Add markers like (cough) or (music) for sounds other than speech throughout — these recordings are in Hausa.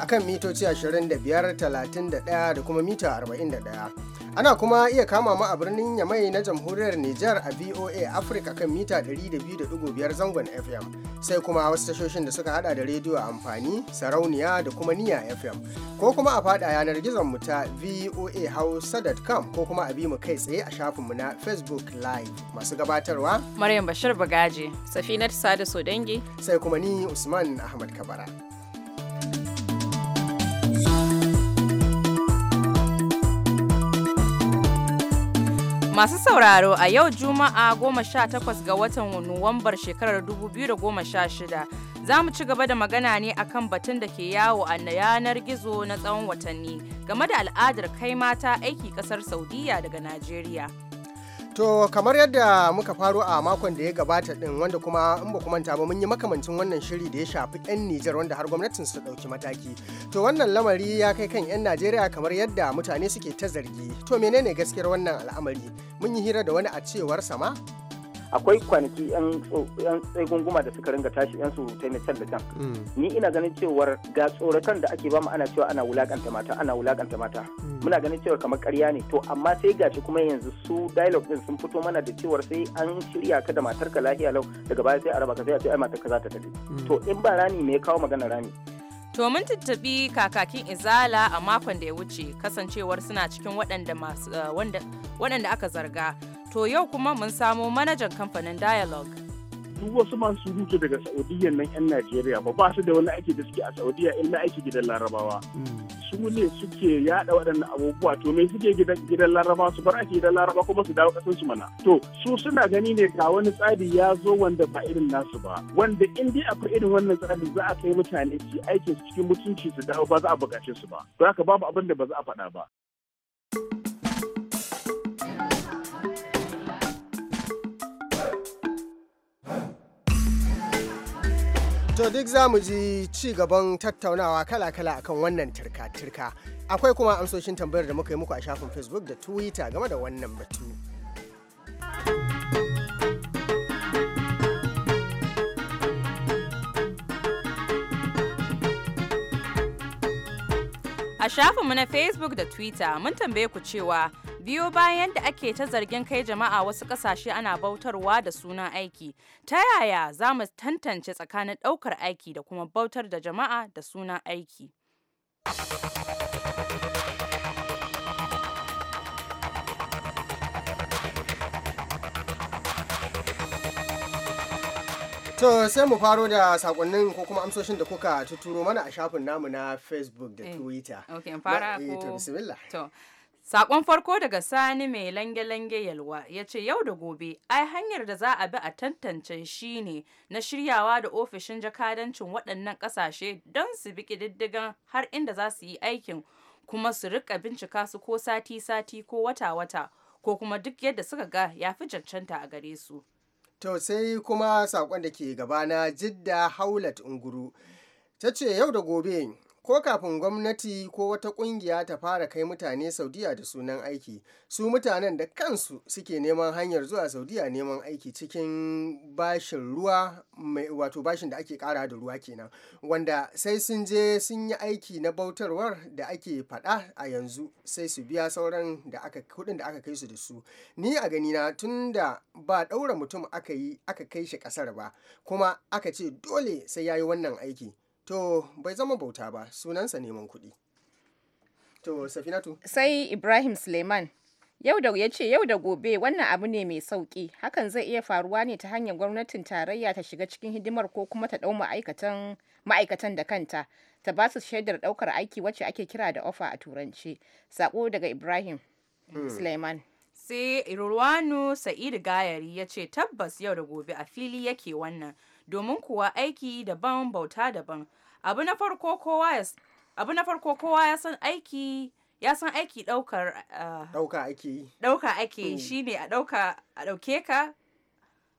akan mitoci 25, 31 da kuma mita 41. Ana kuma iya kama mu a birnin Yamai na jamhuriyar Nijar a VOA Africa kan mita 102.5 zangon FM sai kuma wasu tashoshin da suka hada da rediyo amfani, sarauniya da kuma niya FM ko kuma a fada yanar gizon mu ta voahausa.com ko kuma a bi mu kai tsaye a shafin mu na Facebook Live masu gabatarwa Maryam Bashir Bagaji. Safinat Sada Sodangi sai kuma ni Usman Ahmad Kabara. Masu sauraro a yau Juma'a goma sha takwas ga watan Nuwambar shekarar 2016 za mu ci gaba da magana ne akan batun da ke yawo a yanar gizo na tsawon watanni game da al'adar kai mata aiki kasar Saudiya daga Najeriya. To kamar yadda muka faru a makon da ya gabata din wanda kuma in ba manta ba mun yi makamancin wannan shiri da ya shafi 'yan Nijar wanda har gwamnatin su ɗauki mataki. To wannan lamari ya kai kan 'yan Najeriya kamar yadda mutane suke ta zargi. To menene gaskiyar wannan al'amari? Mun yi hira da wani a cewar sama akwai kwanaki yan tsegunguma da suka ringa tashi yan surutai na can da can mm. ni ina ganin cewar ga tsoratan da ake bamu ana cewa ana wulakanta mata ana wulakanta mata mm. muna ganin cewar kamar karya ne to amma sai gashi kuma yanzu su dialogue din sun fito mana da cewar sai an shirya ka da ka lafiya lau daga baya sai a raba ka sai a ce ai ka za ta tafi mm. to in ba rani me ya kawo magana rani To mun tattabi kakakin Izala a makon da ya wuce kasancewar suna cikin waɗanda eh, aka zarga To yau kuma mun samo manajan kamfanin Dialogue. duk wasu masu hutu daga saudiya nan 'yan najeriya ba ba su da wani aiki da suke a saudiya na aiki gidan larabawa su ne suke yada waɗannan abubuwa to me suke gidan laraba su bar ake gidan laraba kuma su dawo kasan su mana to su suna gani ne ga wani tsari ya zo wanda ba irin nasu ba wanda in dai akwai irin wannan tsarin za a kai mutane su aikin cikin mutunci su dawo ba za a bukace su ba don haka babu abin da ba za a faɗa ba. To duk za mu ji ci gaban tattaunawa kala-kala akan wannan turka-turka. Akwai kuma amsoshin tambayar da muka yi muku a shafin Facebook da Twitter game da wannan batu. A shafinmu na Facebook da Twitter mun tambaye ku cewa biyo bayan da ake ta zargin kai jama'a wasu kasashe ana bautarwa da suna aiki ta yaya za mu tantance tsakanin ɗaukar aiki da kuma bautar da jama'a da suna aiki To sai mu faro da sakonnin ko kuma amsoshin da kuka tuturo mana a shafin namu na Facebook da eh, Twitter. Ok, fara eh, ko? bismillah. To, Sakon farko daga Sani mai lange-lange yalwa ya ce yau da gobe ai hanyar da za a bi a tantance shi ne na shiryawa da ofishin jakadancin waɗannan ƙasashe don su bi ƙididdigan har inda za su yi aikin kuma su rika bincika su ko sati-sati ko wata-wata ko kuma duk yadda suka ga ya fi cancanta a gare su. To sai kuma saƙon da ke gabana jidda haulat unguru. ta ce yau da gobe ko kafin gwamnati ko wata kungiya ta fara kai mutane saudiya da sunan aiki su mutanen da kansu suke neman hanyar zuwa saudiya neman aiki cikin bashin ruwa wato bashin da ake kara da ruwa kenan wanda sai sun je sun yi aiki na bautarwar da ake faɗa a yanzu sai su biya sauran da aka kudin da aka kai su da su ni a gani na tun da ba ɗaura mutum aka yi aka kai shi ƙasar ba kuma aka ce dole sai yayi wannan aiki to bai zama bauta ba sunansa neman kuɗi to safinatu sai ibrahim suleiman yau da ya ce yau da gobe wannan abu ne mai sauki hakan zai iya faruwa ne ta hanyar gwamnatin tarayya ta shiga cikin hidimar ko kuma ta ɗau ma'aikatan ma'aikatan da kanta ta ba su shaidar ɗaukar aiki wacce ake kira da ofa a turanci sako daga ibrahim hmm. suleiman sai irwanu sa'id gayari ya ce tabbas yau da gobe a fili yake wannan domin kuwa aiki daban bauta daban abu na farko kowa ya san aiki ya san aiki daukar dauka ah, ake yi dauka ake yi hmm. shine a dauka a dauke ka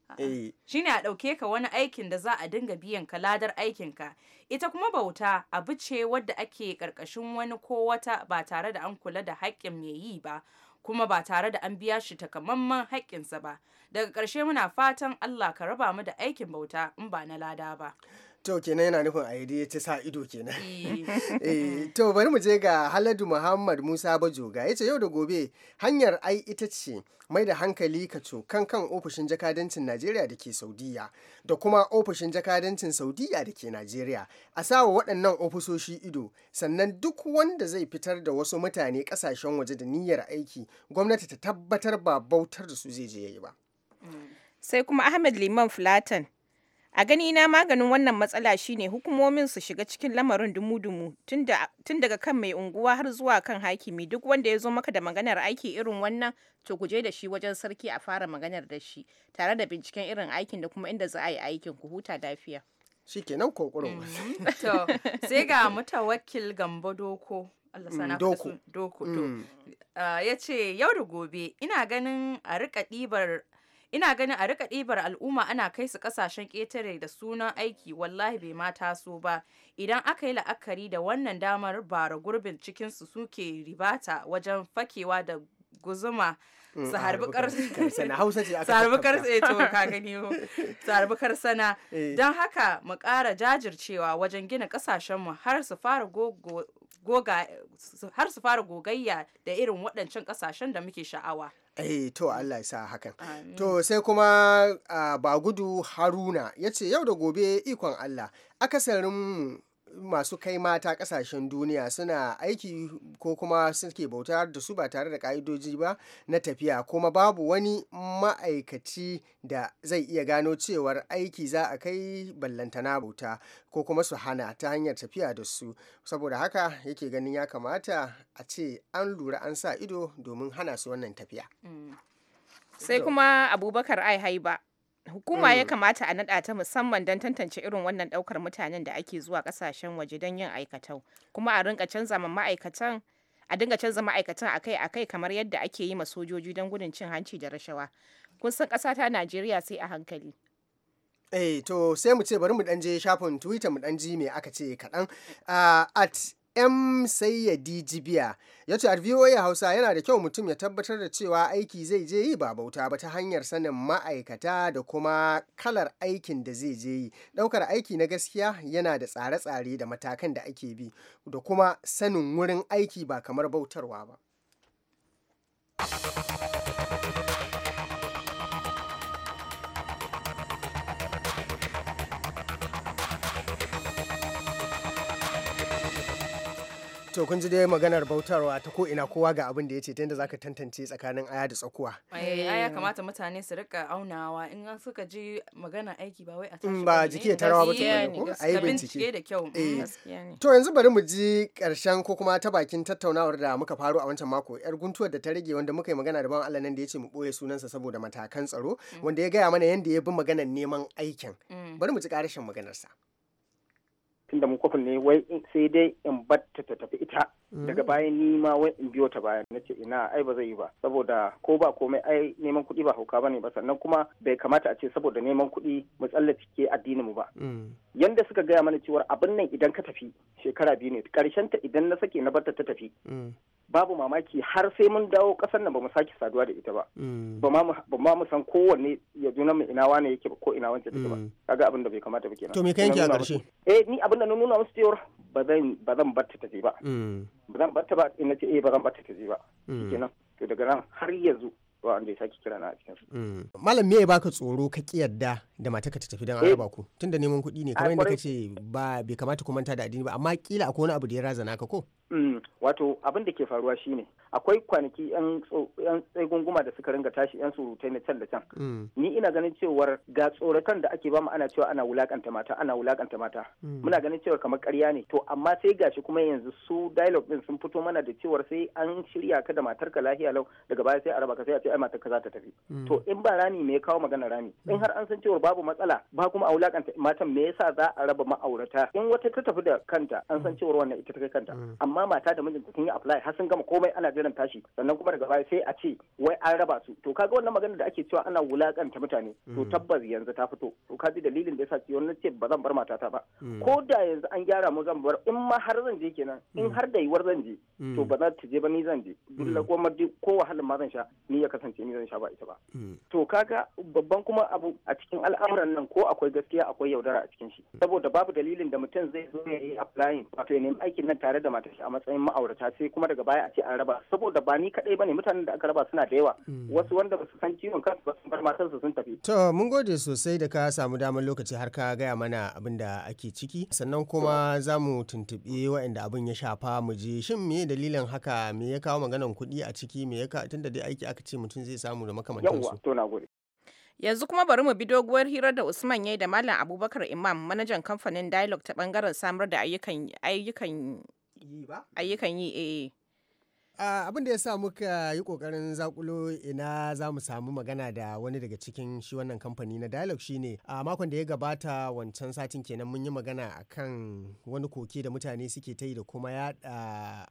ah, ah, eh. shine a dauke ka wani aikin da za a dinga biyan ka ladar aikin ka ita kuma bauta abu ce wadda ake karkashin wani ko wata ba tare da an kula da haƙƙin mai yi ba kuma ba tare da an biya shi takamaiman haƙƙinsa ba daga ƙarshe muna fatan allah ka raba mu da aikin bauta in ba na lada ba to kenan yana nufin aidi ta sa ido kenan eh. Eh, to bari mu je ga haladu muhammad musa bajoga ya ce yau da gobe hanyar ai ita ce mai da hankali ka cokan kan ofishin jakadancin najeriya da ke saudiya da kuma ofishin jakadancin saudiya da ke najeriya a sawa waɗannan ofisoshi ido sannan duk wanda zai fitar da wasu mutane ƙasashen waje da niyyar aiki gwamnati ta tabbatar ba bautar da su zai je ya yi ba mm. sai kuma ahmed liman fulatan A gani na maganin wannan matsala shine hukumomin su shiga cikin lamarin dumu-dumu tun daga kan mai unguwa har zuwa kan hakimi duk wanda ya zo maka da maganar aiki irin wannan to ku da shi wajen sarki a fara maganar da shi tare da binciken irin aikin da kuma inda za a yi aikin ku huta lafiya. Shi kenan kunkurin. To sai ga mutawakil Gambo Doko. Mm, Doko. Doko. Mm. Ah, ya ce yau da gobe ina ganin a rika ɗibar ina ganin a rika ɗibar al'umma ana kai su ƙasashen ƙetare da sunan aiki wallahi bai ma taso ba idan aka yi la'akari da wannan damar bara gurbin cikinsu suke ribata wajen fakewa da guzuma (laughs) su harbi eh (laughs) sana eh. don haka mu ƙara jajircewa wajen gina ƙasashenmu har su fara gogayya da irin waɗancan ƙasashen da muke sha'awa Eh to mm. Allah ya sa hakan. To sai kuma ah, ba gudu Haruna ya ce yau da gobe ikon Allah akasarin masu kai mata kasashen duniya suna aiki ko kuma suke bauta da su ba tare da ka'idoji ba na tafiya kuma babu wani ma'aikaci da zai iya gano cewar aiki za a kai ballantana bauta ko kuma su hana ta hanyar tafiya da su saboda haka yake ganin ya kamata a ce an lura an sa ido domin hana su wannan tafiya mm. sai kuma abubakar ai haiba hukuma ya mm. kamata a nada ta musamman don tantance irin wannan daukar mutanen da ake zuwa kasashen waje don yin aikatau kuma a rinka canza ma'aikatan a dinga canza ma'aikatan akai akai kamar yadda ake yi ma sojoji don gudun cin hanci da rashawa kun san kasa ta najeriya sai a hankali eh to sai mu ce bari mu dan je shafin twitter mu dan ji me aka ce kaɗan ah, at M ya dijibiya ya ce VOA Hausa yana da kyau mutum ya tabbatar da cewa aiki zai je yi ba bauta ba ta hanyar sanin ma'aikata da kuma kalar aikin da zai je yi. Ɗaukar aiki na gaskiya yana da tsare-tsare da matakan da ake bi da kuma sanin wurin aiki ba kamar bautarwa ba. to kun ji dai maganar bautarwa ta ko ina kowa ga abin da ya ce ta yadda zaka tantance tsakanin aya da tsakuwa eh, aya eh. kamata mutane su rika aunawa in an suka ji magana aiki ba wai a tashi mm, ba jiki ya tarawa ba ta a yi bincike mm, eh. to yanzu bari mu ji karshen ko kuma ta bakin tattaunawar da muka faro a wancan mako yar guntuwar da ta rage wanda muka yi magana da ban Allah nan da ya ce mu boye sunansa saboda matakan tsaro mm. wanda ya gaya mana yanda ya bi maganar neman aikin bari mu ji karshen maganarsa. sa da mu kofin ne wai sai dai in barta ta tafi ita mm. daga baya ni ma wai in biyo ta baya nace ina ai ba zai yi ba saboda ko ba komai ai neman kuɗi ba hauka ne ba sannan kuma bai kamata a ce saboda neman kuɗi mu tsallake addinin mu ba mm. yanda suka gaya mana cewar abin nan idan ka tafi shekara biyu ne karshen ta idan na sake na barta ta tafi mm. babu mamaki har sai mun dawo kasar nan bamu sake saduwa da ita ba mm. ba ma mu san kowanne ya juna mu ina wane yake ko ina wance take ba mm. kaga abin da bai kamata ba kenan to me ka yanke a karshe eh ni abin da na nuna musu cewar ba zan ba zan barta ta je ba ba zan barta ba in ce eh ba zan barta ta je ba kenan to daga nan har yanzu ba an ya sake kira na a cikin malam me ya baka tsoro ka ki yadda da matarka ta tafi don an eh. raba ku da neman kuɗi ne kamar yadda kace ba bai kamata ku manta da addini ba amma kila akwai wani abu da ya razana ka ko mm, wato abin da ke faruwa shine akwai kwanaki yan tsegunguma da suka ringa tashi yan surutai na can da can mm. ni ina ganin cewar ga tsorakan da ake bamu ana cewa ana wulakanta mata ana wulakanta mata mm. muna ganin cewar kamar karya ne to amma sai gashi kuma yanzu su dialogue din sun fito mana da cewar sai an shirya ka da matarka lafiya lau daga baya sai a raba ka sai a ce ai matarka za ta tafi to in ba rani me ya kawo magana rani in har an san cewar babu matsala ba kuma a wulakanta matan me yasa za a raba ma'aurata in wata ta tafi da kanta an san mm. cewar wannan ita ta kai kanta mm. amma mata da mijinta sun yi apply har sun gama komai ana jiran tashi sannan kuma daga baya sai a ce wai an raba su to kaga wannan magana da ake cewa ana wulakanta mutane to mm. tabbas yanzu ta fito to kaji dalilin da yasa ce wannan ce ba zan bar matata ba ko da yanzu an gyara mu zan bar in ma har zan je kenan in har da yiwuwar zan je to ba za ta je ba ni zan je dole ko ko wahalin ma zan sha ni ya kasance ni zan sha ba ita ba to kaga babban kuma abu a cikin al al'amuran nan ko akwai gaskiya akwai yaudara a cikin shi saboda babu dalilin da mutum zai zo ya yi applying wato ya nemi aikin nan tare da matar shi a matsayin ma'aurata sai kuma daga baya a ce an raba saboda ba ni kadai bane mutanen da aka raba suna da yawa hmm. wasu wanda ba san ciwon kansu ba sun bar matar su sun tafi to mun gode sosai da ka samu damar lokaci har ka gaya mana abin da ake ciki sannan kuma za mu tuntuɓi waɗanda abin ya shafa mu je shin me dalilin haka me ya kawo maganan kuɗi a ciki me ya tunda dai aiki aka ce mutum zai samu da makamantansu yawwa to na gode Yanzu kuma bari mu bi doguwar hirar da Usman ya yi da Malam Abubakar Imam, manajan kamfanin Dialog ta bangaren samar da ayyukan yi ba? Ayyukan yi eh. Ah, abin da ya sa muka yi kokarin zakulo ina za mu samu magana da wani daga cikin shi wannan kamfani na dialogue shine a makon da ya gabata wancan satin kenan mun yi magana a kan wani koke da mutane suke ta yi da kuma ya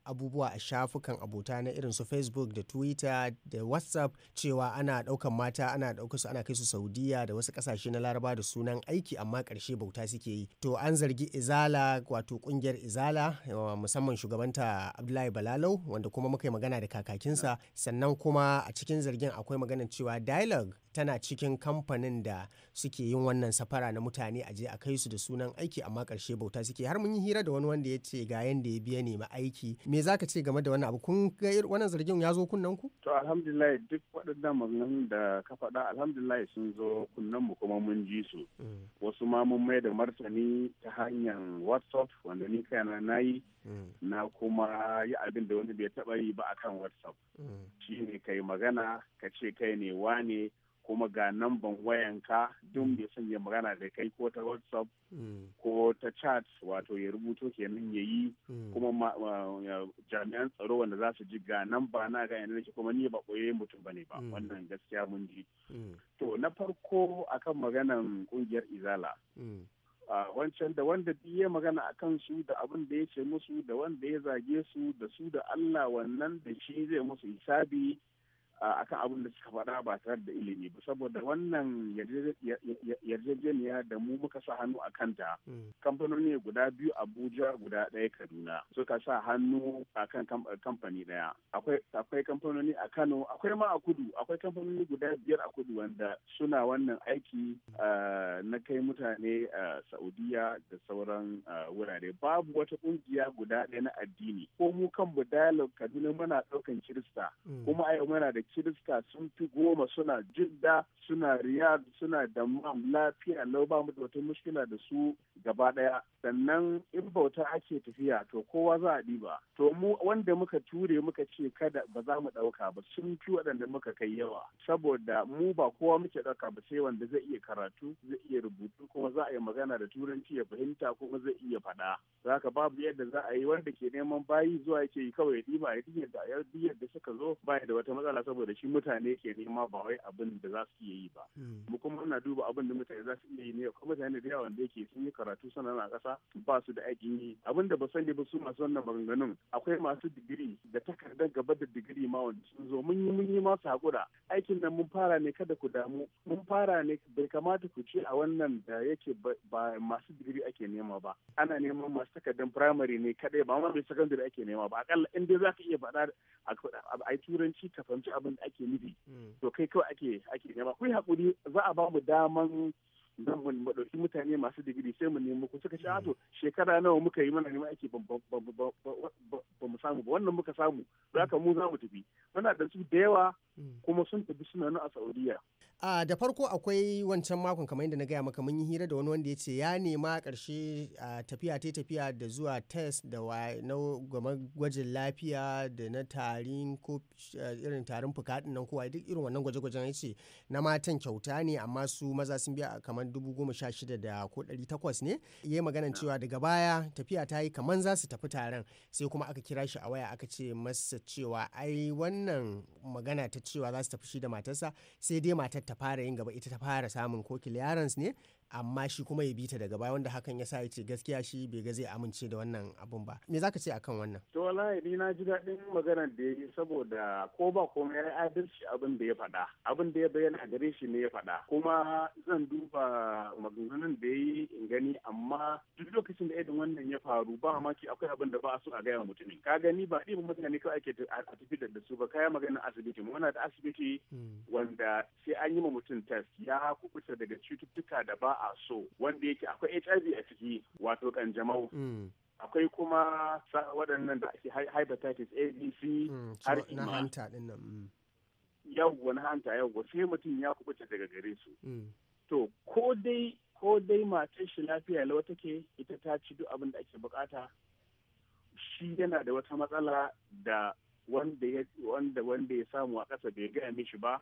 abubuwa a shafukan abota na irin su facebook da twitter da whatsapp cewa ana daukan mata ana daukar su ana kai su saudiya da wasu kasashe na laraba da sunan aiki amma karshe bauta suke yi to an zargi izala wato kungiyar izala musamman shugabanta abdullahi balalau wanda kuma muka yi magana da kakakinsa sannan kuma a cikin zargin akwai maganar cewa dialogue tana cikin kamfanin da suke yin wannan safara na mutane a je a kai su da sunan aiki amma karshe bauta suke har mun yi hira da wani wanda ya ce ga yanda ya biya nema aiki me zaka ce game da wannan abu kun ga wannan zargin ya zo kunnan ku to alhamdulillah duk waɗannan maganganun da ka faɗa alhamdulillah sun zo kunnen mu kuma mun ji su mm. wasu ma mun mai da martani ta hanyar whatsapp wanda ni kaina na yi mm. na kuma yi abin da wani bai taɓa yi ba akan whatsapp mm. shine kai magana ka ce kai ne wane kuma ga ban wayanka duk mm. mai son ya magana da kai ko ta whatsapp mm. ko ta chat wato ya rubuto kenan ya yi mm. kuma jami'an tsaro wanda za su ji ga namba na ga yanar kuma ni ba koye mutum bane ba wannan gaskiya mun ji to na farko akan maganan kungiyar izala wancan da wanda ya magana a kansu da abin da ya ce musu da wanda ya zage su da su da Allah wannan da shi zai musu hisabi akan abin da suka faɗa ba tare da ilimi ba saboda wannan yarjejeniya da mu muka sa hannu a kanta hmm. kamfanoni guda biyu abuja guda ɗaya kaduna suka sa hannu a kan kamfani ɗaya akwai kamfanoni a kano akwai ma a kudu akwai kamfanoni guda biyar a kudu wanda suna wannan aiki na kai mutane a saudiya da sauran wurare babu wata ƙungiya guda ɗaya na addini ko mu kanmu dialogue kaduna muna ɗaukan kirista hmm. kuma ai muna da kirista sun fi goma suna jidda suna riya suna da lafiya lau ba mu da wata muskila da su gaba daya sannan in bauta ake tafiya to kowa za a ɗiba to mu wanda muka ture muka ce kada ba za mu ɗauka ba sun fi waɗanda muka kai yawa saboda mu ba kowa muke ɗauka ba sai wanda zai iya karatu zai iya rubutu kuma za a yi magana da turanci ya fahimta kuma zai iya faɗa zaka babu yadda za a yi wanda ke neman bayi zuwa yake yi kawai ya ɗiba ya diyar da suka zo ba da wata matsala saboda shi mutane ke nema ba wai abin da za su yi ba hmm. mu kuma muna duba abin da mutane za su iya yi ne kuma mutane da yawa da yake sun yi karatu sanan a kasa ba su da aikin yi abin da ba sani ba su masu wannan maganganun akwai masu digiri da takardar gaba da digiri ma wanda sun zo mun yi mun yi masu hakura aikin nan mun fara ne kada ku damu mun fara ne bai kamata ku ce a wannan da yake ba masu digiri ake nema ba ana neman masu takardar firamare ne kadai ba ma sakandare ake nema ba akalla in dai za ka iya faɗa a turanci ka fahimci abin abin da ake nufi hmm. to kai kawai ake ake nema kai hakuri za a ba mu daman zan mu ɗauki mutane masu digiri sai mu nemi ku suka ce ah, to hmm. shekara nawa muka yi mana nema ake ba mu samu ba wannan muka samu haka mu za mu tafi muna da su da yawa hmm. kuma sun tafi suna nan a saudiya a da farko akwai wancan makon kamar yadda na gaya maka mun yi hira da wani wanda ya ce ya nema karshe tafiya ta tafiya da zuwa test da na gwajin lafiya da na tarin ko irin tarin fuka nan kowa duk irin wannan gwaje-gwajen ya ce na matan kyauta ne amma su maza sun biya kamar dubu goma sha shida da ko ɗari takwas ne ya yi maganan cewa daga baya tafiya ta yi kamar za su tafi taron sai kuma aka kira shi a waya aka ce masa cewa ai wannan magana ta cewa za su tafi shi da matarsa sai dai matar ta ta fara yin gaba ita ta fara samun kokil ne amma shi kuma ya bi ta daga baya wanda hakan ya sa ya ce gaskiya shi bai ga zai amince da wannan abun ba me zaka ce akan wannan to wallahi ni na ji daɗin maganar da yi saboda ko ba komai ya adalci abin da ya faɗa abin da ya bayyana a gare shi ne ya faɗa kuma zan duba maganganun da yayi in gani amma duk lokacin da irin wannan ya faru ba mamaki akwai abin da ba a so a gaya mutumin ka gani ba ɗiban mutane kawai ake a tafi da su ba kaya maganar asibiti muna da asibiti hmm. wanda sai an yi ma mutum test ya kukuta daga cututtuka da ba a so wanda yake akwai hiv a ciki wato kanjamau mm. akwai kuma waɗannan da ake hepatitis abc mm, har na hanta din mm. yawwa na hanta yawwa sai mutum ya kubuta daga gare su to ko dai ko dai matar shi lafiya lau take ita ta ci duk abin da ake bukata shi yana da wata matsala da wanda ya samu a ƙasa bai gaya mishi ba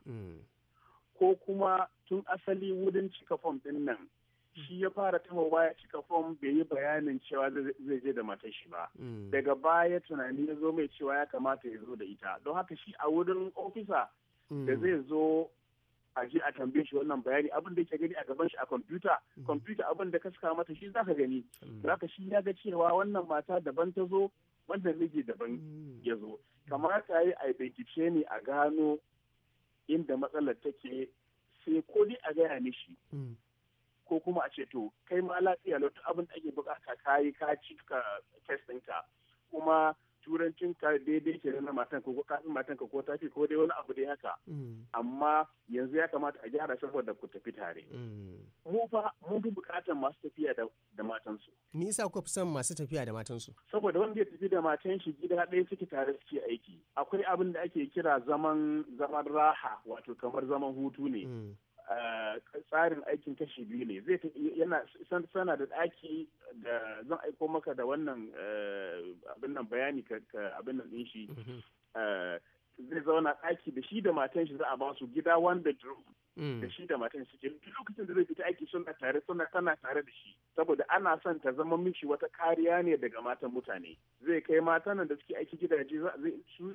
ko kuma tun asali wurin cika fom din nan shi ya fara tama ya cika fom bai yi bayanin cewa zai je da matashi shi ba mm. daga baya tunani ya zo mai cewa ya kamata ya zo da ita don haka shi a wurin ofisa mm. da zai zo a je a tambaye shi wannan bayani abin da ke gani a gaban shi a kwamfuta mm. kwamfuta abin da ka saka mata shi zaka gani zaka shi ya ga cewa wannan mata daban ta zo wannan miji daban ya zo kamata yi a bincike ne a gano inda matsalar take sai ko dai a gaya mishi hmm. ko kuma a ce to kai ma lafiya lauta abin da ake bukata yi ka cika ka ɗinka kuma turancin ka daidai ke na matan ko kafin matan ko ta ko dai wani abu da haka mm. amma yanzu ya kamata a gyara saboda ku tafi tare mm. mu fa mun fi bukatar masu tafiya da matan su ni yasa ku fi son masu tafiya da matan su saboda wanda ya tafi da matan shi gida ɗaya suke tare suke aiki akwai abin da ake kira zaman zaman raha wato kamar zaman hutu ne mm. tsarin aikin kashi biyu ne zai yana sana da ɗaki da zan aiko maka da wannan eh, abin nan bayani ka abin nan ɗin shi mm-hmm. eh, zai zauna ɗaki da shi da matan shi za a ba su gida one bedroom mm. da shi da matan shi duk lokacin da zai fita aiki suna tare suna tana tare da shi saboda ana son ta zama mishi wata kariya ne daga matan mutane zai kai matan da suke aiki gidaje za su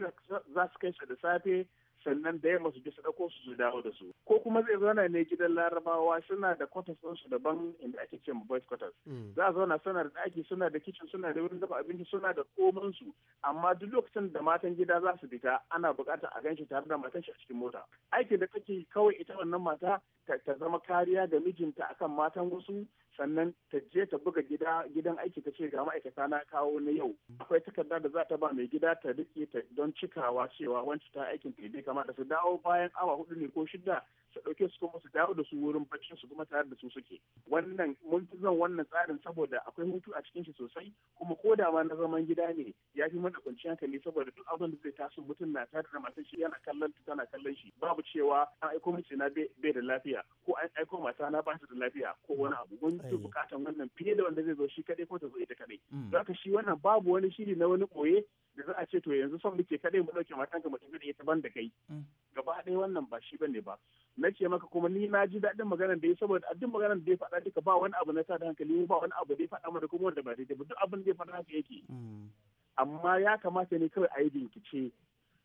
kai shi da safe sannan da yamma su je su ɗauko su su dawo da su ko kuma zai zauna ne gidan larabawa suna da kwatas ɗinsu daban inda ake ce ma boys quarters mm. za a zauna suna da ɗaki suna da kicin suna da wurin dafa abinci suna da komin su amma duk lokacin da matan gida za su fita ana buƙatar a ganshi tare da matan shi a cikin mota aikin da kake kawai ita wannan mata ta zama kariya ga mijinta akan matan wasu sannan ta je ta buga gida gidan aiki ta ce ga ma'aikata na kawo na yau akwai takarda da za ta ba mai gida ta rike ta don cikawa cewa wancan ta aikin ta kama da su dawo bayan awa hudu ne ko shida su dauke su kuma su dawo da su wurin baccin su kuma tare da su suke wannan mun fi zan wannan tsarin saboda akwai hutu a cikin shi sosai kuma ko da ma na zaman gida ne ya fi mana kwanciyar hankali saboda duk abin da zai taso mutum na tare da matan shi yana kallon ta tana kallon shi babu cewa an aiko mace na bai da lafiya ko an aiko mata na ba da lafiya ko wani abu mun fi bukatan wannan fiye da wanda zai zo shi kaɗai ko ta zo ita kaɗai. Zaka mm. shi wannan babu wani shiri na wani ɓoye da za a ce to yanzu son muke kadai mu dauke matanka mutum da ita ban da kai mm. gaba ɗaya wannan ba shi bane ba na ce maka kuma ni na ji daɗin maganar da ya saboda a duk maganar da ya faɗa duka ba wani abu na sa da hankali ba wani abu da ya faɗa mana kuma wanda ba daidai ba duk abin da ya faɗa haka yake mm. amma ya kamata ne kawai a yi bincike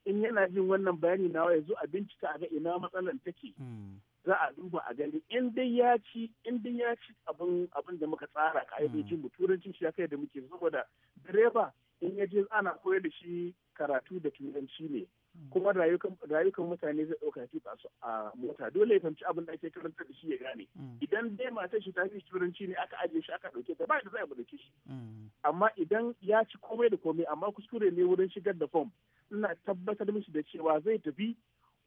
in yana jin wannan bayani nawa ya zo a bincika a ga ina matsalar take mm. za a duba a gani in dai ya ci in dai ya ci abin da muka tsara ka yi bincin mu turancin shi ya kai da muke saboda direba in ya je ana koyar da shi karatu da turanci ne hmm. kuma rayukan mutane zai ɗauka ba su a mota dole ya fahimci abin da ake karanta da shi ya gane hmm. idan dai matar shi ta fi turanci ne aka ajiye shi aka ɗauke ta ba da za a shi hmm. amma idan ya ci komai da komai amma kuskure ne wurin shigar da fom ina tabbatar mishi da cewa zai tafi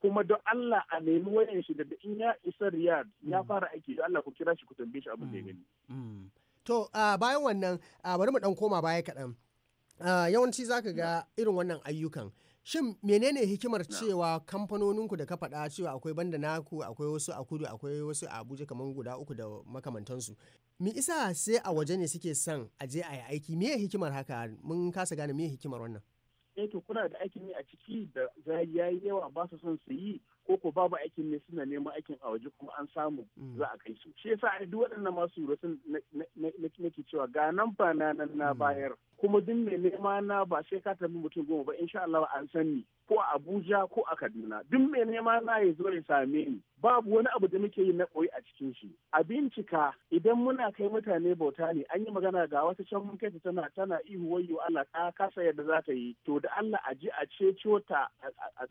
kuma don Allah a nemi wayan shi da in ya isa Riyadh ya fara aiki don Allah ku kira shi ku tambaye shi abin da ya gani. To ah, bayan wannan ah, bari mu ɗan koma baya kaɗan. Ah, yawanci za ka ga irin wannan ayyukan shin menene hikimar cewa kamfanoninku da ka faɗa cewa akwai banda naku akwai wasu a kudu akwai wasu a abuja kamar guda uku da makamantansu mi isa sai a waje ne suke son a je a yi aiki me hikimar haka mun kasa gane me hikimar wannan eh to kuna da aikin ne a ciki da ya yi yawa ba su son su yi ko ko babu aikin ne suna neman aikin a waje kuma an samu mm. za a kai su shi yasa duk waɗannan masu lura na ke cewa ga nan ba na nan na mm. bayar kuma duk mai nema na ba sai ka tambi mutum goma ba insha Allah an san ni ko a Abuja ko a Kaduna duk mai nema na ya zo ya same ni babu wani abu da muke yi na koyi a cikin shi a bincika idan muna kai mutane bauta ne an yi magana ga wata can mun kai tana tana ihu wayyo Allah ta kasa yadda za ta yi to da Allah a ji a ceto ta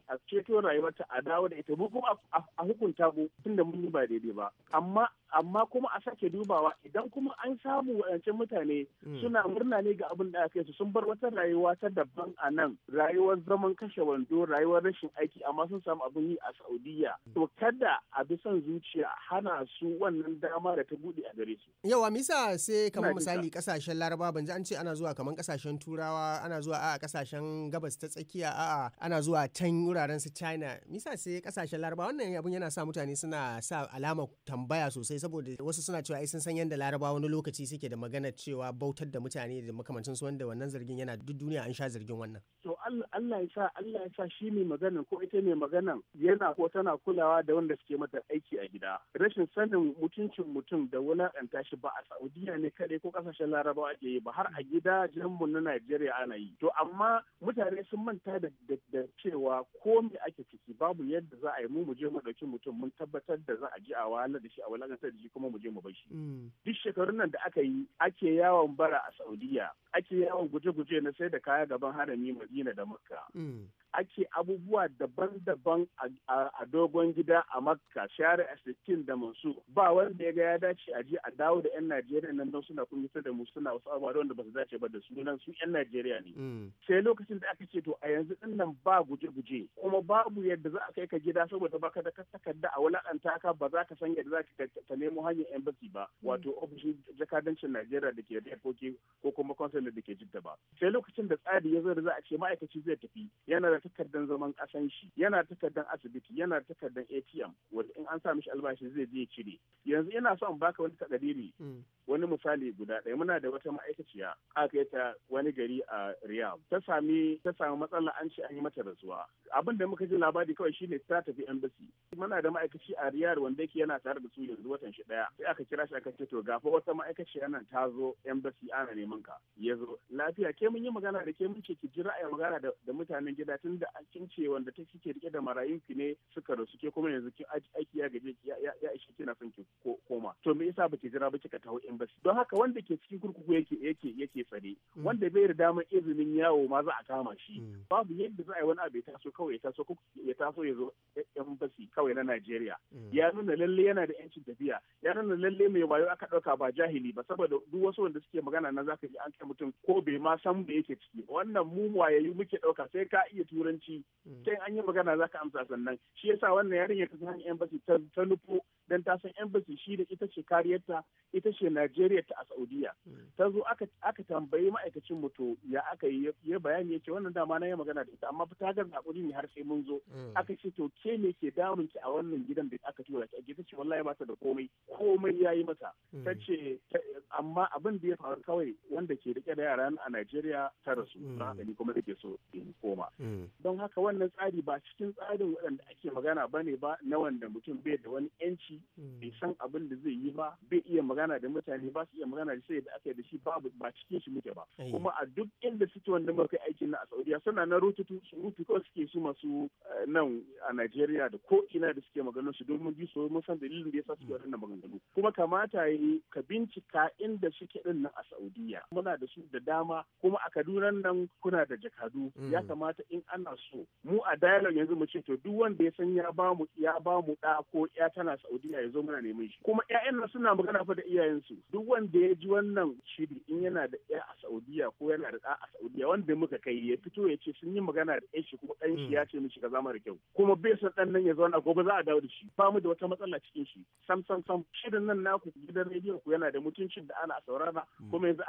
a ceto rayuwarta a dawo da ita mu kuma a hukunta mu tunda mun yi ba daidai ba amma amma kuma a sake dubawa idan kuma an samu waɗancan mutane hmm. suna murna ne ga abin da aka yi su sun bar wata rayuwa ta daban a nan rayuwar zaman kashe wani wando rayuwar rashin aiki amma sun samu abin yi a saudiya to kada a bi son zuciya hana su wannan dama da ta bude a gare su yawa misa sai kamar misali kasashen laraba ban an ce ana zuwa kamar kasashen turawa ana zuwa a kasashen gabas ta tsakiya a ana zuwa can wuraren su china misa sai kasashen laraba wannan abin yana sa mutane suna sa alama tambaya sosai saboda wasu suna cewa ai sun san yadda laraba wani lokaci suke da magana cewa bautar da mutane da makamancin su wanda wannan zargin yana duk duniya an sha zargin wannan to Allah ya sa Allah ya sa shi mai maganan ko ita mai maganan yana ko tana kulawa da wanda suke mata aiki a gida rashin sanin mutuncin mutum da wulaƙanta shi ba a saudiya ne kaɗai ko kasashen larabawa ake yi ba har a gida mu na najeriya ana yi to amma mutane sun manta da cewa ko me ake ciki babu yadda za a yi mu mu je mu ɗauki mutum mun tabbatar da za a ji a wahalar da shi a wulaƙantar da shi kuma mu je mu bar shi mm. duk shekarun nan da aka yi ake yawon bara a saudiya ake yawon guje-guje na sai da kaya gaban harami madina da makka mm. ake abubuwa daban-daban a dogon gida a makka share a da masu ba wanda ya ga ya dace a je a dawo da 'yan najeriya nan don suna kun da mu suna wasu abubuwa wanda ba su dace ba da su sunan su 'yan najeriya ne mm. sai lokacin da aka ce to a yanzu din nan ba guje-guje kuma babu yadda za a kai ka gida saboda baka da takarda a wulakanta ka ba za ka san yadda za ka nemo hanyar embassy ba mm. wato ofishin jakadancin najeriya da ke da ko kuma consulate da ke jidda ba sai lokacin da tsari ya zo da za a ce ma'aikaci zai tafi yana da takardar zaman kasan shi yana takardar asibiti yana takardar atm wani in an sa mishi albashi zai je cire yanzu ina son baka wani takadiri hmm. wani misali guda ɗaya muna da wata ma'aikaciya aka kai ta wani gari a riyadh ta sami ta sami matsala an ce an yi mata rasuwa abin da muka ji labari kawai shine ta tafi embassy muna da ma'aikaci a riyadh wanda yake yana tare da su yanzu watan shi ɗaya sai aka kira shi aka ce to gafa wata ma'aikaciya nan ta zo embassy ana neman ka ya zo lafiya ke mun yi magana da ke mun ce ki ji ra'ayin magana da mutanen gida tun da kin ce wanda ta kike rike da marayun ki ne suka rasu ke kuma yanzu kin aiki ya gaje ki ya ishe kina son ki koma to me yasa baki jira ba kika taho in don haka wanda ke cikin kurkuku yake yake yake tsare mm. wanda bai da damar izinin yawo ma za a kama shi mm. babu yadda za a yi wani abu ya taso kawai ya taso ya taso ya zo basi kawai na Najeriya mm. ya nuna lalle yana da yancin tafiya ya nuna lalle mai wayo aka dauka ba jahili ba saboda duk wasu wanda suke magana na zaka ji an kai mutum ko bai ma san da yake ciki wannan mu wayayi muke dauka sai ka iya turanci sai an yi magana zaka amsa sannan shi yasa wannan yarinya ta san basi. ta nufo dan ta san embassy shi da ita ce kariyarta ita ce Najeriya ta a Saudiya hmm. ta zo aka tambayi ma'aikacin mu to ya aka yi ya bayani ya ce wannan dama na ya magana da ita amma ta ga zakuri ne har sai mun zo hmm. aka ce to ke ne ke damun ki a wannan gidan da aka tura ta ta ce wallahi ba ta da komai komai yayi mata hmm. ta ce amma abin da ya faru kawai wanda ke rike da yaran a Najeriya ta rasu don haka kuma so in koma don haka wannan tsari ba cikin tsarin waɗanda ake magana bane ba na wanda mutum bai da wani yanci shi mm. bai san abin da zai yi ba bai iya magana da mutane ba su iya magana da sai da aka da shi babu ba cikin shi muke ba kuma a duk inda suke wanda muka aikin na a Saudiya suna na rututu surutu ko suke su masu eh, nan a Najeriya da ko ina da suke maganar su domin bi so mun san dalilin da yasa suke mm. wannan maganganu kuma kamata yi ka bincika inda suke din nan a Saudiya muna da su da dama kuma a Kaduna nan kuna da jakadu mm. ya kamata in ana so mu a dialogue yanzu mu ce to duk wanda ya san ya ba mu ya ba mu da ko ya tana Saudiya Najeriya ya zo mana neman shi kuma ƴaƴan nan suna magana fa da iyayensu duk wanda ya ji wannan shiri in yana da ƴa a Saudiya ko yana da ɗa a Saudiya wanda muka kai ya fito ya ce sun yi magana da yan shi kuma ɗan shi ya ce mishi zama da kyau kuma bai son ɗan nan ya zauna gobe za a dawo da shi ba mu da wata matsala cikin shi sam sam sam shirin nan naku gidan rediyon ku yana da mutuncin da ana saurara hmm. kuma yanzu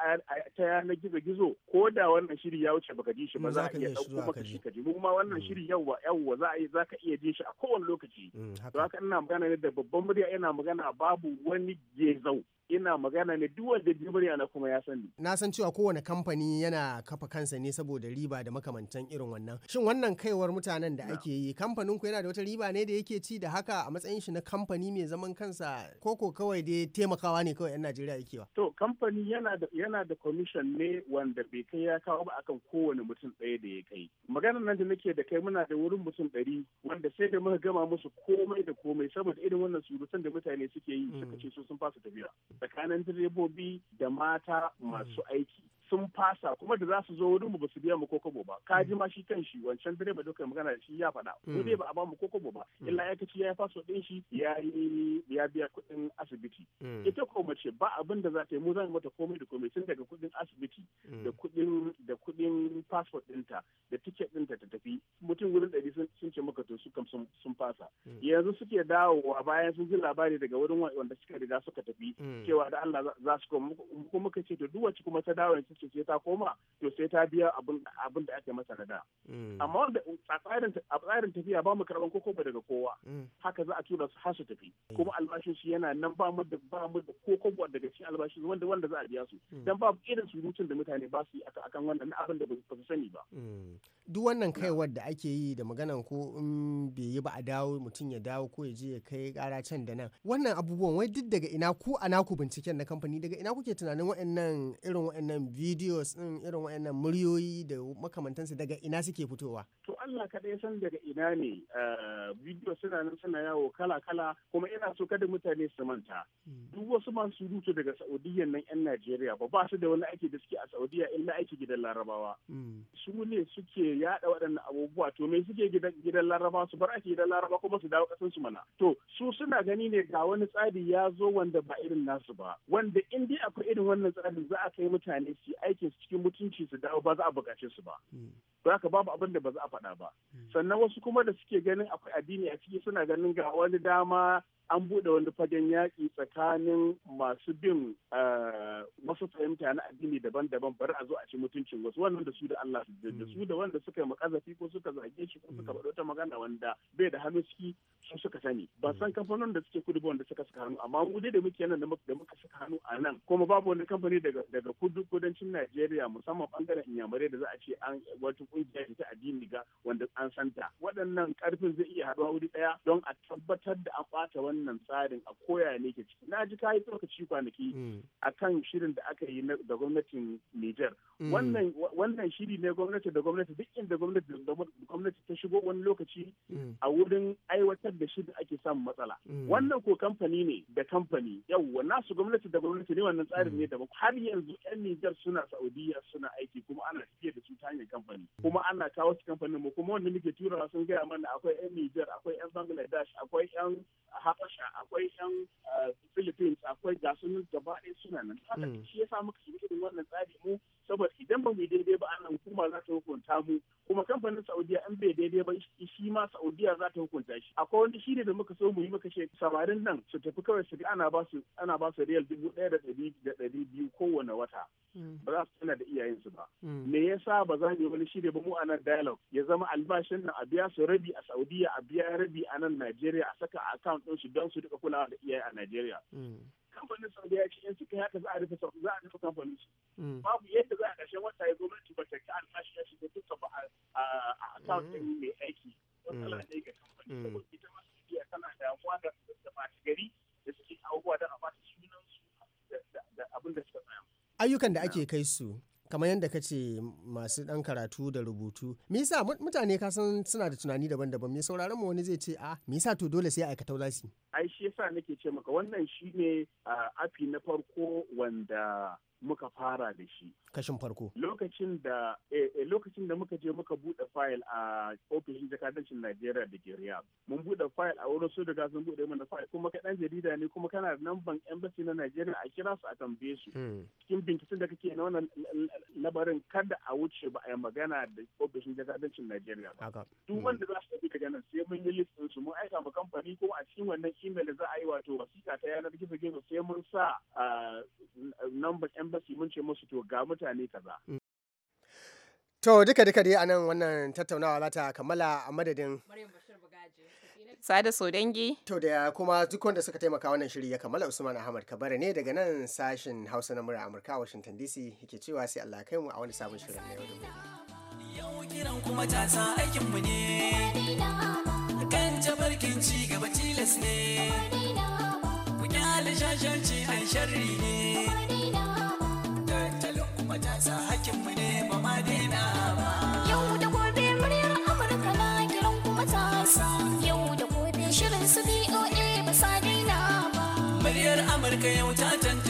ta yanar gizo gizo ko da wannan shiri ya wuce baka ji shi ba hmm, za a iya ɗauko maka shi ka ji mu wannan hmm. shiri yawwa yawwa za a za ka iya ji shi a kowane lokaci to haka ina magana ne da babban murya yana magana babu wani gezau ina magana ne duk wanda na kuma ya sani. Na san cewa kowane kamfani yana kafa kansa ne saboda riba da makamantan irin wannan. Shin wannan kaiwar mutanen da ake yi kamfanin ku yana da wata riba ne da yake ci da haka a matsayin shi na kamfani mai zaman kansa koko kawai dai taimakawa ne kawai 'yan Najeriya yake wa. To kamfani yana da yana da commission ne wanda bai kai ya kawo ba akan kowane mutum ɗaya da ya kai. Maganar nan da nake da kai muna da wurin mutum ɗari wanda sai da muka gama musu komai da komai saboda irin wannan surutan da mutane suke yi mm. suka ce su sun fasa tafiya. tsakanin direbobi da mata masu mm. aiki sun fasa kuma da za su zo wurin mu ba su biya mu ko kobo ba ka ji ma shi kan shi wancan direba ba magana da shi ya faɗa ko dai ba a ba mu ko kobo ba mm. illa ya kaci ya faso din shi ya yi ya biya kuɗin asibiti mm. ita ko mace ba abin da za ta yi mu zan mata komai da komai tun daga kuɗin asibiti mm. da kuɗin da kuɗin passport ɗinta da ticket ɗinta ta tafi mutum wurin ɗari sun ce maka to su kam sun fasa yanzu suke a bayan sun ji labari daga wurin wanda suka riga suka tafi cewa da Allah za su koma kuma muka ce to duk wacce kuma ta dawo ce sai ta koma to sai ta biya abin da ake masa na da mm. amma wanda a tsarin tafiya ba mu karban koko ba daga kowa mm. haka za a tura su har su tafi mm. kuma albashin shi yana nan ba mu da ba mu da koko daga cikin albashin wanda wanda za a biya su dan ba irin rutun da mutane ba su yi akan wannan abin da ba su sani ba duk wannan kaiwar da ake yi da maganan ko in bai yi ba a dawo mutum ya dawo ko ya je ya kai kara can da nan wannan abubuwan wai duk daga ina ku a naku binciken na kamfani daga ina kuke tunanin wa'annan irin wa'annan biyu videos din irin wayannan muryoyi da makamantansu daga ina suke fitowa to Allah kaɗai san daga ina ne eh, video suna nan suna yawo kala kala kuma ina so kada mutane su manta hmm. duk wasu masu rutu daga Saudiya nan yan Najeriya ba ba su da wani aiki da suke a Saudiya illa aiki gidan Larabawa hmm. su ne suke yada waɗannan abubuwa to me suke gidan Larabawa su bar aiki gidan Larabawa kuma su dawo kasan su mana to su suna gani ne ga wani tsari ya zo wanda ba irin nasu ba wanda in dai akwai irin wannan tsarin za a kai mutane su aikin su cikin mutunci su dawo ba za a bukace su ba to hmm. haka babu abin da ba za a faɗa ba hmm. sannan wasu kuma da suke ganin akwai addini a ciki suna ganin ga wani dama an buɗe wani fagen yaƙi tsakanin masu bin eh, wasu fahimta na addini daban-daban bari a zo a ci mutuncin wasu wannan da su da Allah su da su da wanda suka yi makazafi ko suka zage shi ko suka mm. faɗi wata magana wanda bai da hannu ciki su suka sani Ba san mm. kamfanonin da suke kudu ba wanda suka saka hannu amma mu da muke nan da muka saka hannu a nan kuma babu wani kamfani daga daga kudu kudancin Najeriya musamman bangaren inyamurai da za a ce an wata kungiya ta addini ga wanda an santa waɗannan karfin zai iya haɗuwa wuri ɗaya don a tabbatar da an ɓata wani wannan tsarin a koya ne ke ciki na ji kayi lokaci kwanaki mm. a kan shirin da aka yi da gwamnatin Nijar mm. wannan shiri ne gwamnati da gwamnati duk inda gwamnati da gwamnati ta shigo wani lokaci mm. a wurin aiwatar da shi da ake samun matsala wannan ko kamfani ne da kamfani yawwa nasu gwamnati da gwamnati ne wannan tsarin ne da har yanzu yan Nijar suna Saudiya suna aiki kuma ana tafiya da su ta hanyar kamfani kuma ana kawo su kamfanin mu kuma wanda muke turawa sun gaya mana akwai yan Nijar akwai yan Bangladesh akwai yan habasha akwai yan eh, philippines akwai gasunan gaba ɗaya suna nan mm. shi ya yasa muka yi wannan tsari mu saboda idan ba mu yi daidai ba ana hukuma za ta hukunta mu kuma kamfanin saudiya an bai daidai ba shi ma saudiya za ta hukunta shi akwai wani shi ne da muka so mu yi muka ce samarin nan su tafi kawai su ana ba su ana ba riyal dubu ɗaya da ɗari da ɗari biyu kowane wata hmm. ba za su tana da iyayensu ba hmm. me yasa ba za mu yi wani shi ne ba mu a nan dialogue ya zama albashin nan a biya su rabi a saudiya a biya rabi a nan najeriya a saka a account ɗin su don su duka kulawa da iyaye a najeriya hmm. kamfanin saudiya ya ce in suka haka za a rufe za a rufe kamfanin su Mm. babu yadda za a ƙarshen wata ya gwamnati ba ta ci albashi ya shiga duka ba a account mm. mai aiki matsala mm. ne ga kamfani saboda ita ma tana damuwa da da da suke abubuwa don a da abin da suka tsaya. ayyukan da ake kai su kamar yadda ka ce masu ɗan karatu da rubutu me yasa mutane ka san suna da tunani daban-daban me sauraron mu wani zai ce a ah, me yasa to dole sai aikata wulasi ai shi yasa nake ce maka wannan shine afi ah, na farko wanda muka fara da shi. Kashin farko. Lokacin da eh, eh, lokacin da muka je muka buɗe fayil a ofishin jakadancin Najeriya da ke Mun buɗe fayil a wurin su da sun buɗe mana fayil kuma kai ɗan jarida ne kuma kana da namban embassy na Najeriya a kira su a tambaye su. Hmm. Cikin binciken da kake na wannan labarin kada a wuce ba a yi magana da ofishin jakadancin Najeriya ba. Duk hmm. wanda za su tafi daga nan sai mun yi listin su mun aika ma kamfani kuma a cikin wannan email za a yi wato wasiƙa ta yanar gizo-gizo sai mun sa ah, namban embassy mun ce musu to ga mutane kaza mm. To duka duka dai anan wannan tattaunawa za ta kammala a madadin Sada dangi. To da kuma duk wanda suka taimaka wannan shiri ya kammala Usman Ahmad Kabara ne daga nan sashin Hausa na murar Amurka a Washington DC yake cewa sai Allah kai mu a wani sabon shirin na yau da Yau kiran kuma ta sa aikin mu ne. Kan jabarkin ci gaba tilas ne. Ku kyale shashanci sharri ne. matasa hakkin mu ne ba ma daina ba yau da gobe muryar amurka na kiran ku matasa yau da gobe shirin su BOA ba sa daina ba muryar amurka yau ta tantance